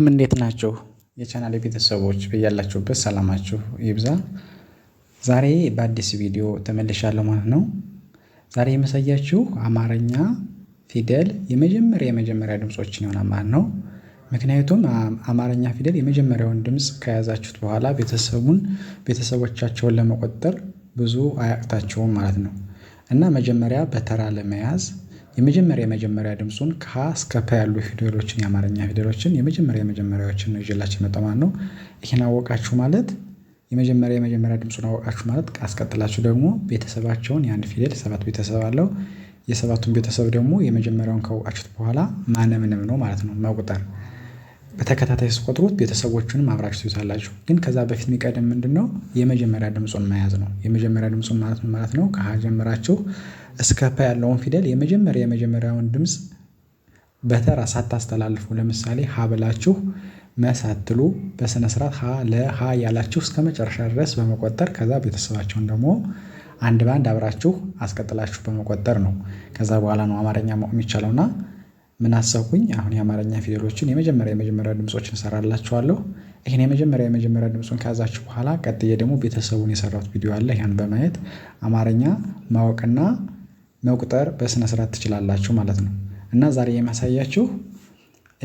በጣም እንዴት ናችሁ የቻናል ቤተሰቦች በያላችሁበት ሰላማችሁ ይብዛ። ዛሬ በአዲስ ቪዲዮ ተመልሻለሁ ማለት ነው። ዛሬ የመሳያችሁ አማርኛ ፊደል የመጀመሪያ የመጀመሪያ ድምፆችን ይሆናል ማለት ነው። ምክንያቱም አማርኛ ፊደል የመጀመሪያውን ድምፅ ከያዛችሁት በኋላ ቤተሰቡን ቤተሰቦቻቸውን ለመቆጠር ብዙ አያቅታቸውም ማለት ነው እና መጀመሪያ በተራ ለመያዝ የመጀመሪያ የመጀመሪያ ድምፁን ከሀ እስከ ፐ ያሉ ፊደሎችን የአማርኛ ፊደሎችን የመጀመሪያ የመጀመሪያዎችን ነው ይዤላችሁ የመጣሁ ማለት ነው። ይህን አወቃችሁ ማለት የመጀመሪያ የመጀመሪያ ድምፁን አወቃችሁ ማለት አስቀጥላችሁ ደግሞ ቤተሰባቸውን የአንድ ፊደል ሰባት ቤተሰብ አለው። የሰባቱን ቤተሰብ ደግሞ የመጀመሪያውን ካወቃችሁት በኋላ ማነምንም ነው ማለት ነው መቁጠር በተከታታይ ስቆጥሩት ቤተሰቦቹንም አብራችሁ ትይዛላችሁ። ግን ከዛ በፊት የሚቀድም ምንድነው? የመጀመሪያ ድምፁን መያዝ ነው። የመጀመሪያ ድምፁን ማለት ማለት ነው? ከሀ ጀምራችሁ እስከ ፐ ያለውን ፊደል የመጀመሪያ የመጀመሪያውን ድምፅ በተራ ሳታስተላልፉ፣ ለምሳሌ ሀ ብላችሁ መሳትሉ በስነስርዓት ሀ ለሀ ያላችሁ እስከ መጨረሻ ድረስ በመቆጠር ከዛ ቤተሰባቸውን ደግሞ አንድ በአንድ አብራችሁ አስቀጥላችሁ በመቆጠር ነው። ከዛ በኋላ ነው አማርኛ ማወቅ የሚቻለውና ምን አሰብኩኝ አሁን የአማርኛ ፊደሎችን የመጀመሪያ የመጀመሪያ ድምፆችን እሰራላችኋለሁ ይህን የመጀመሪያ የመጀመሪያ ድምፁን ከያዛችሁ በኋላ ቀጥዬ ደግሞ ቤተሰቡን የሰራሁት ቪዲዮ አለ ያን በማየት አማርኛ ማወቅና መቁጠር በስነ ስርዓት ትችላላችሁ ማለት ነው። እና ዛሬ የማሳያችሁ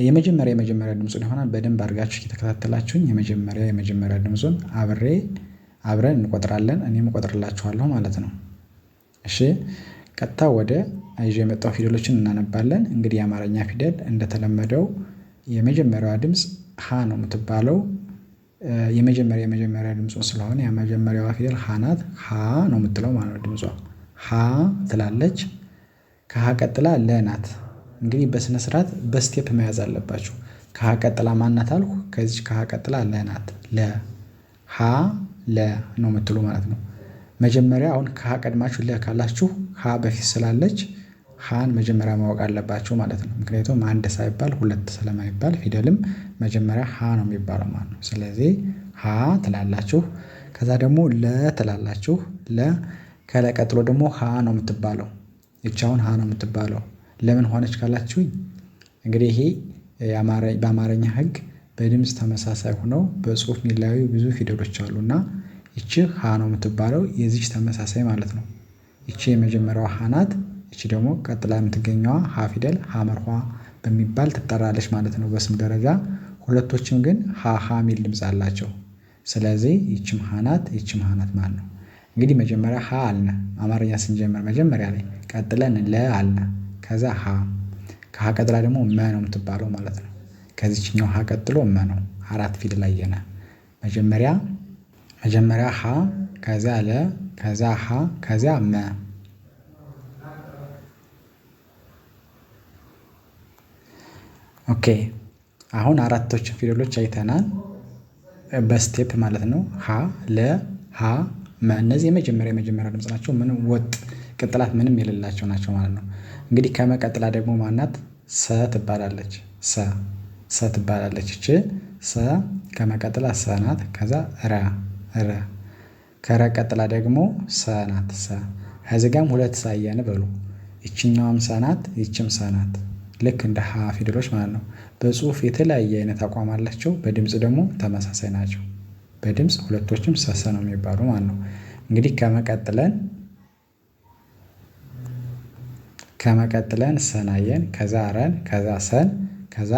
የመጀመሪያ የመጀመሪያ ድምፁን ይሆናል በደንብ አድርጋችሁ እየተከታተላችሁኝ የመጀመሪያ የመጀመሪያ ድምፁን አብሬ አብረን እንቆጥራለን እኔም እቆጥርላችኋለሁ ማለት ነው። እሺ ቀጥታ ወደ ይዞ የመጣው ፊደሎችን እናነባለን እንግዲህ የአማርኛ ፊደል እንደተለመደው የመጀመሪያዋ ድምፅ ሀ ነው የምትባለው። የመጀመሪያ የመጀመሪያ ድምፁ ስለሆነ የመጀመሪያዋ ፊደል ሀ ናት ሀ ነው የምትለው ማለት ነው ድምጿ ሀ ትላለች። ከሀ ቀጥላ ለ ናት እንግዲህ በስነ ስርዓት በስቴፕ መያዝ አለባችሁ። ከሀ ቀጥላ ማናት ናት አልኩ ከዚች ከሀ ቀጥላ ለ ናት ለ ሀ ለ ነው የምትሉ ማለት ነው። መጀመሪያ አሁን ከሀ ቀድማችሁ ለ ካላችሁ ሀ በፊት ስላለች ሀን መጀመሪያ ማወቅ አለባቸው ማለት ነው። ምክንያቱም አንድ ሳይባል ሁለት ስለማይባል ፊደልም መጀመሪያ ሀ ነው የሚባለው ማለት ነው። ስለዚህ ሀ ትላላችሁ ከዛ ደግሞ ለ ትላላችሁ ለ ከለ ቀጥሎ ደግሞ ሀ ነው የምትባለው ይቺ አሁን ሀ ነው የምትባለው ለምን ሆነች ካላችሁኝ? እንግዲህ ይሄ በአማርኛ ህግ በድምፅ ተመሳሳይ ሆነው በጽሁፍ የሚለያዩ ብዙ ፊደሎች አሉ እና ይቺ ሀ ነው የምትባለው የዚች ተመሳሳይ ማለት ነው። ይቺ የመጀመሪያው ሀ ናት ይቺ ደግሞ ቀጥላ የምትገኘዋ ሀ ፊደል ሀመርኋ በሚባል ትጠራለች ማለት ነው። በስም ደረጃ ሁለቶችም ግን ሃ የሚል ድምፅ አላቸው። ስለዚህ ይችም ሃናት ይችም ሃናት ማለት ነው። እንግዲህ መጀመሪያ ሀ አልነ አማርኛ ስንጀምር መጀመሪያ ላይ ቀጥለን ለ አልነ ከዛ ሀ ከሀ ቀጥላ ደግሞ መ ነው የምትባለው ማለት ነው። ከዚችኛው ሀ ቀጥሎ መ ነው አራት ፊደል አየነ። መጀመሪያ መጀመሪያ ሀ ከዚያ ለ ከዚያ ሀ ከዚያ መ ኦኬ አሁን አራቶችን ፊደሎች አይተናል። በስቴፕ ማለት ነው። ሀ ለ ሀ መ እነዚህ የመጀመሪያ የመጀመሪያ ድምፅ ናቸው። ምንም ወጥ ቅጥላት ምንም የሌላቸው ናቸው ማለት ነው። እንግዲህ ከመቀጥላ ደግሞ ማናት ሰ ትባላለች። ሰ ሰ ትባላለች። እች ሰ ከመቀጥላ ሰ ናት። ከዛ ረ ረ ከረ ቀጥላ ደግሞ ሰ ናት። ሰ ከዚህ ጋም ሁለት ሳያን በሉ። ይችኛውም ሰ ናት፣ ይችም ሰ ናት። ልክ እንደ ሀ ፊደሎች ማለት ነው። በጽሁፍ የተለያየ አይነት አቋም አላቸው በድምጽ ደግሞ ተመሳሳይ ናቸው። በድምጽ ሁለቶችም ሰሰ ነው የሚባሉ ማለት ነው። እንግዲህ ከመቀጥለን ከመቀጥለን ሰናየን ከዛ ረን ከዛ ሰን ከዛ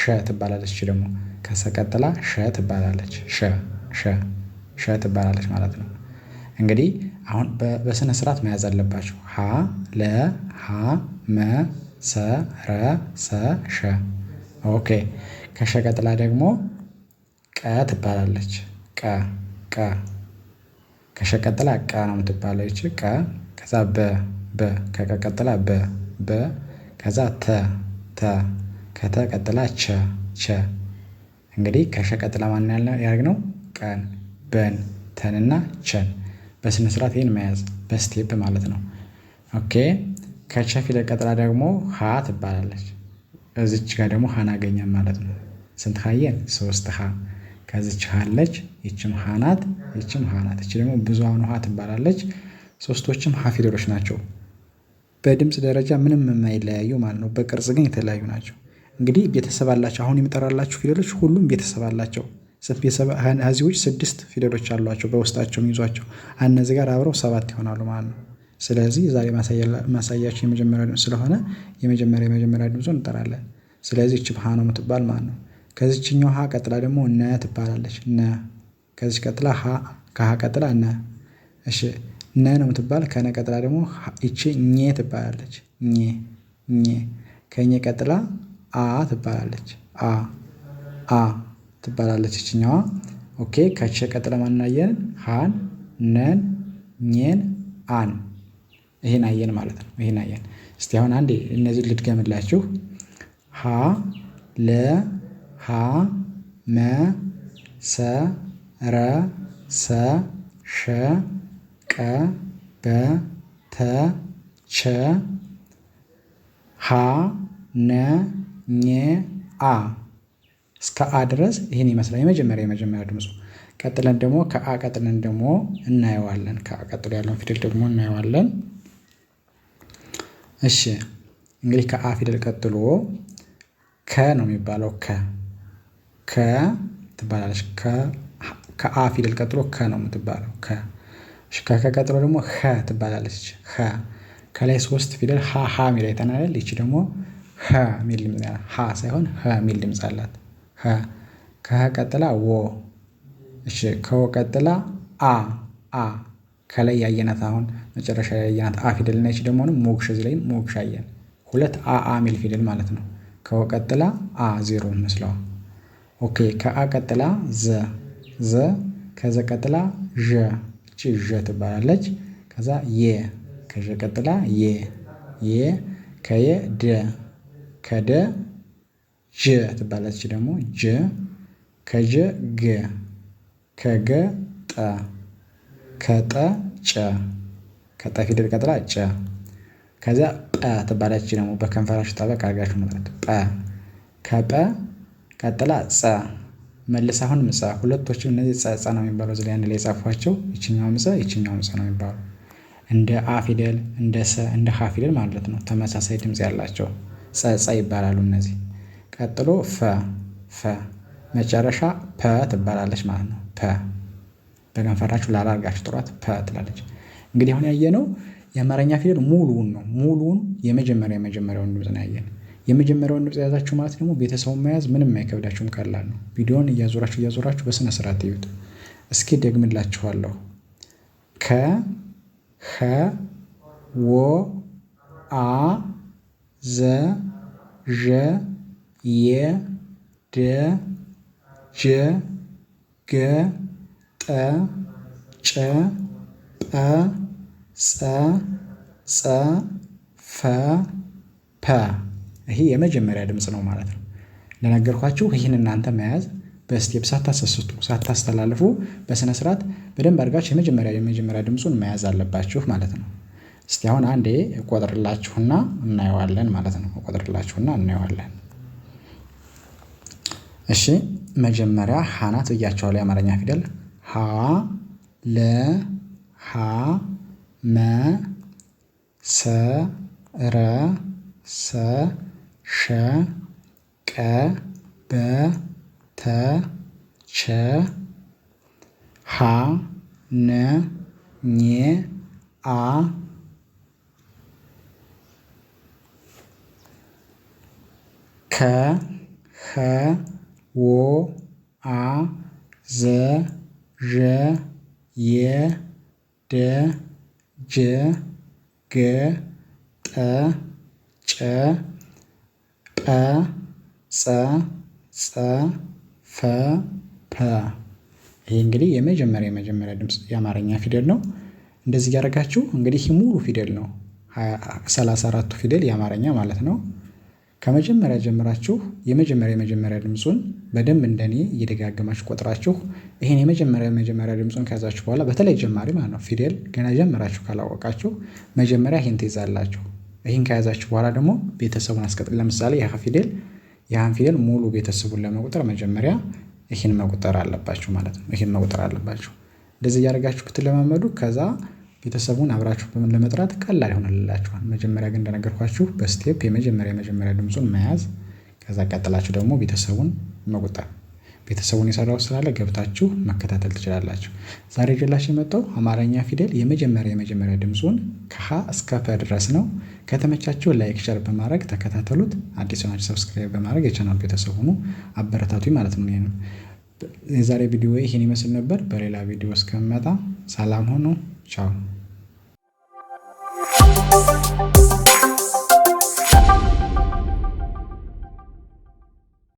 ሸ ትባላለች ደግሞ ከሰቀጥላ ሸ ትባላለች ሸ ሸ ሸ ትባላለች ማለት ነው። እንግዲህ አሁን በስነ ስርዓት መያዝ አለባቸው ሀ ለ ሐ መ ሰ ረ ሰ ሸ ኦኬ። ከሸ ቀጥላ ደግሞ ቀ ትባላለች። ቀ ቀ ከሸ ቀጥላ ቀ ነው የምትባለው ይቺ ቀ። ከዛ በ በ ከቀ ቀጥላ በ በ ከዛ ተ ተ ከተ ቀጥላ ቸ ቸ። እንግዲህ ከሸ ቀጥላ ማን ያለ ያደርግነው ቀን በን ተንና ቸን በስነ ስርዓት ይህን መያዝ በስቴፕ ማለት ነው። ኦኬ ከቸ ፊደል ቀጥላ ደግሞ ሀ ትባላለች። እዚች ጋር ደግሞ ሀ እናገኛል ማለት ነው። ስንት ሀየን? ሶስት ሀ ከዚች ሀለች ይችም ሀናት ይችም ሀናት ናት። ይች ደግሞ ብዙሃኑ ሀ ትባላለች። ሶስቶችም ሀ ፊደሎች ናቸው። በድምፅ ደረጃ ምንም የማይለያዩ ማለት ነው። በቅርጽ ግን የተለያዩ ናቸው። እንግዲህ ቤተሰብ አላቸው። አሁን የሚጠራላቸው ፊደሎች ሁሉም ቤተሰብ አላቸው። ስድስት ፊደሎች አሏቸው በውስጣቸው የሚይዟቸው እነዚህ ጋር አብረው ሰባት ይሆናሉ ማለት ነው። ስለዚህ ዛሬ ማሳያችሁ የመጀመሪያ ድምፅ ስለሆነ የመጀመሪያ የመጀመሪያ ድምፁን እንጠራለን። ስለዚህ እች ሀ ነው የምትባል ማለት ነው። ከዚችኛው ሀ ቀጥላ ደግሞ ነ ትባላለች። ነ ከዚች ቀጥላ ሀ ከሀ ቀጥላ ነ። እሺ ነ ነው የምትባል ከነ ቀጥላ ደግሞ እቺ ኘ ትባላለች። ኘ ኘ ከኘ ቀጥላ አ ትባላለች። አ አ ትባላለች ይችኛዋ። ኦኬ ከቼ ቀጥላ ማናየን ሀን ነን ኘን አን ይሄን አየን ማለት ነው። ይሄን አየን። እስቲ አሁን አንዴ እነዚህ ልድገምላችሁ። ሀ ለ ሀ መ ሰ ረ ሰ ሸ ቀ በ ተ ቸ ሀ ነ ኘ አ እስከ አ ድረስ ይህን ይመስላል። የመጀመሪያ የመጀመሪያ ድምፁ። ቀጥለን ደግሞ ከአ ቀጥለን ደግሞ እናየዋለን። ከአ ቀጥሎ ያለውን ፊደል ደግሞ እናየዋለን። እሺ እንግዲህ ከአ ፊደል ቀጥሎ ከ ነው የሚባለው ከ ከ ትባላለች ከ ከአ ፊደል ቀጥሎ ከ ነው የምትባለው ከ እሺ ከከ ቀጥሎ ደግሞ ኸ ትባላለች ኸ ከላይ ሶስት ፊደል ሀ ሀ ሚል አይተናል አይደል? ይቺ ደግሞ ሀ ሚል ድምፅ አላት ሀ ሳይሆን ሀ የሚል ድምፅ አላት። ሀ ከሀ ቀጥላ ወ እሺ ከወ ቀጥላ አ አ ከላይ ያየናት አሁን መጨረሻ ያየናት አ ፊደል ነች። ደግሞ ሞክሽ እዚህ ላይ ሞክሽ አየን። ሁለት አ አ ሚል ፊደል ማለት ነው። ከወ ቀጥላ አ ዜሮ መስለው ኦኬ ከአ ቀጥላ ዘ ዘ ከዘ ቀጥላ ዠ እቺ ዠ ትባላለች። ከዛ የ ከዠ ቀጥላ የ የ ከየ ደ ከደ ጀ ትባላለች። ደግሞ ጀ ከጀ ገ ከገ ጠ ከጠ ጨ ከጠ ፊደል ቀጥላ ጨ ከዚያ ጰ ትባላች ደግሞ በከንፈራችሁ ጠበቅ አድርጋችሁ መጥራት ጰ ከጰ ቀጥላ ጸ መልስ አሁን ጸ ሁለቶችም እነዚህ ጸ ጸ ነው የሚባለው እዚህ ላይ አንድ ላይ የጻፏቸው ይችኛው ጸ ይችኛው ጸ ነው የሚባሉ እንደ አ ፊደል እንደ ሰ እንደ ሀ ፊደል ማለት ነው ተመሳሳይ ድምፅ ያላቸው ጸ ጸ ይባላሉ እነዚህ ቀጥሎ ፈ ፈ መጨረሻ ፐ ትባላለች ማለት ነው ፐ በከንፈራችሁ ላላርጋችሁ ጥሯት ፐ ትላለች። እንግዲህ አሁን ያየነው የአማርኛ ፊደል ሙሉውን ነው። ሙሉውን የመጀመሪያ የመጀመሪያውን ድምፅ ነው ያየን። የመጀመሪያውን ድምፅ የያዛችሁ ማለት ደግሞ ቤተሰቡን መያዝ ምንም አይከብዳችሁም፣ ቀላል ነው። ቪዲዮን እያዞራችሁ እያዞራችሁ በስነ ስርዓት ይዩት። እስኪ ደግምላችኋለሁ። ከ ኸ ወ አ ዘ ዠ የ ደ ጀ ገ ጠ ጨ ጰ ጸ ፈ ፐ ይሄ የመጀመሪያ ድምፅ ነው ማለት ነው። እንደነገርኳችሁ ይህን እናንተ መያዝ በስቴፕ ሳታሰስቱ ሳታስተላልፉ በስነ ስርዓት በደንብ አድርጋችሁ የመጀመሪያ የመጀመሪያ ድምፁን መያዝ አለባችሁ ማለት ነው። እስቲ አሁን አንዴ እቆጥርላችሁና እናየዋለን ማለት ነው። እቆጥርላችሁና እናየዋለን። እሺ መጀመሪያ ሀ ናት ብያቸዋለሁ የአማርኛ ፊደል ሀ ለ ሐ መ ሰ ረ ሰ ሸ ቀ በ ተ ቸ ሀ ነ ኘ አ ከ ኸ ወ አ ዘ ዠ የ ደ ጀ ገ ጠ ጨ ጰ ጸ ጸ ፈ ፐ ይሄ እንግዲህ የመጀመሪያ የመጀመሪያ ድምጽ የአማርኛ ፊደል ነው። እንደዚህ እያደረጋችሁ እንግዲህ ሙሉ ፊደል ነው። ሰላሳ አራቱ ፊደል የአማርኛ ማለት ነው ከመጀመሪያ ጀምራችሁ የመጀመሪያ የመጀመሪያ ድምፁን በደንብ እንደኔ እየደጋገማችሁ ቆጥራችሁ ይህን የመጀመሪያ የመጀመሪያ ድምጹን ከያዛችሁ በኋላ በተለይ ጀማሪ ማለት ነው ፊደል ገና ጀምራችሁ ካላወቃችሁ መጀመሪያ ይህን ትይዛላችሁ። ይህን ከያዛችሁ በኋላ ደግሞ ቤተሰቡን አስቀጥል። ለምሳሌ የሀ ፊደል ያህን ፊደል ሙሉ ቤተሰቡን ለመቁጠር መጀመሪያ ይህን መቁጠር አለባችሁ ማለት ነው። ይህን መቁጠር አለባችሁ። እንደዚህ እያደረጋችሁ ብትለማመዱ ከዛ ቤተሰቡን አብራችሁ በምን ለመጥራት ቀላል ይሆንላችኋል። መጀመሪያ ግን እንደነገርኳችሁ በስቴፕ የመጀመሪያ መጀመሪያ ድምፁን መያዝ ከዛ ቀጥላችሁ ደግሞ ቤተሰቡን መቁጠር ቤተሰቡን የሰራው ስላለ ገብታችሁ መከታተል ትችላላችሁ። ዛሬ ጀላሽ የመጣው አማርኛ ፊደል የመጀመሪያ የመጀመሪያ ድምጹን ከሀ እስከ ፐ ድረስ ነው። ከተመቻችሁ ላይክ፣ ሸር በማድረግ ተከታተሉት። አዲስ ሆናችሁ ሰብስክራይብ በማድረግ የቻናል ቤተሰብ ሁኑ። አበረታቱ ማለት ነው። ነው የዛሬ ቪዲዮ ይሄን ይመስል ነበር። በሌላ ቪዲዮ እስከምመጣ ሰላም ሆኖ ቻው። you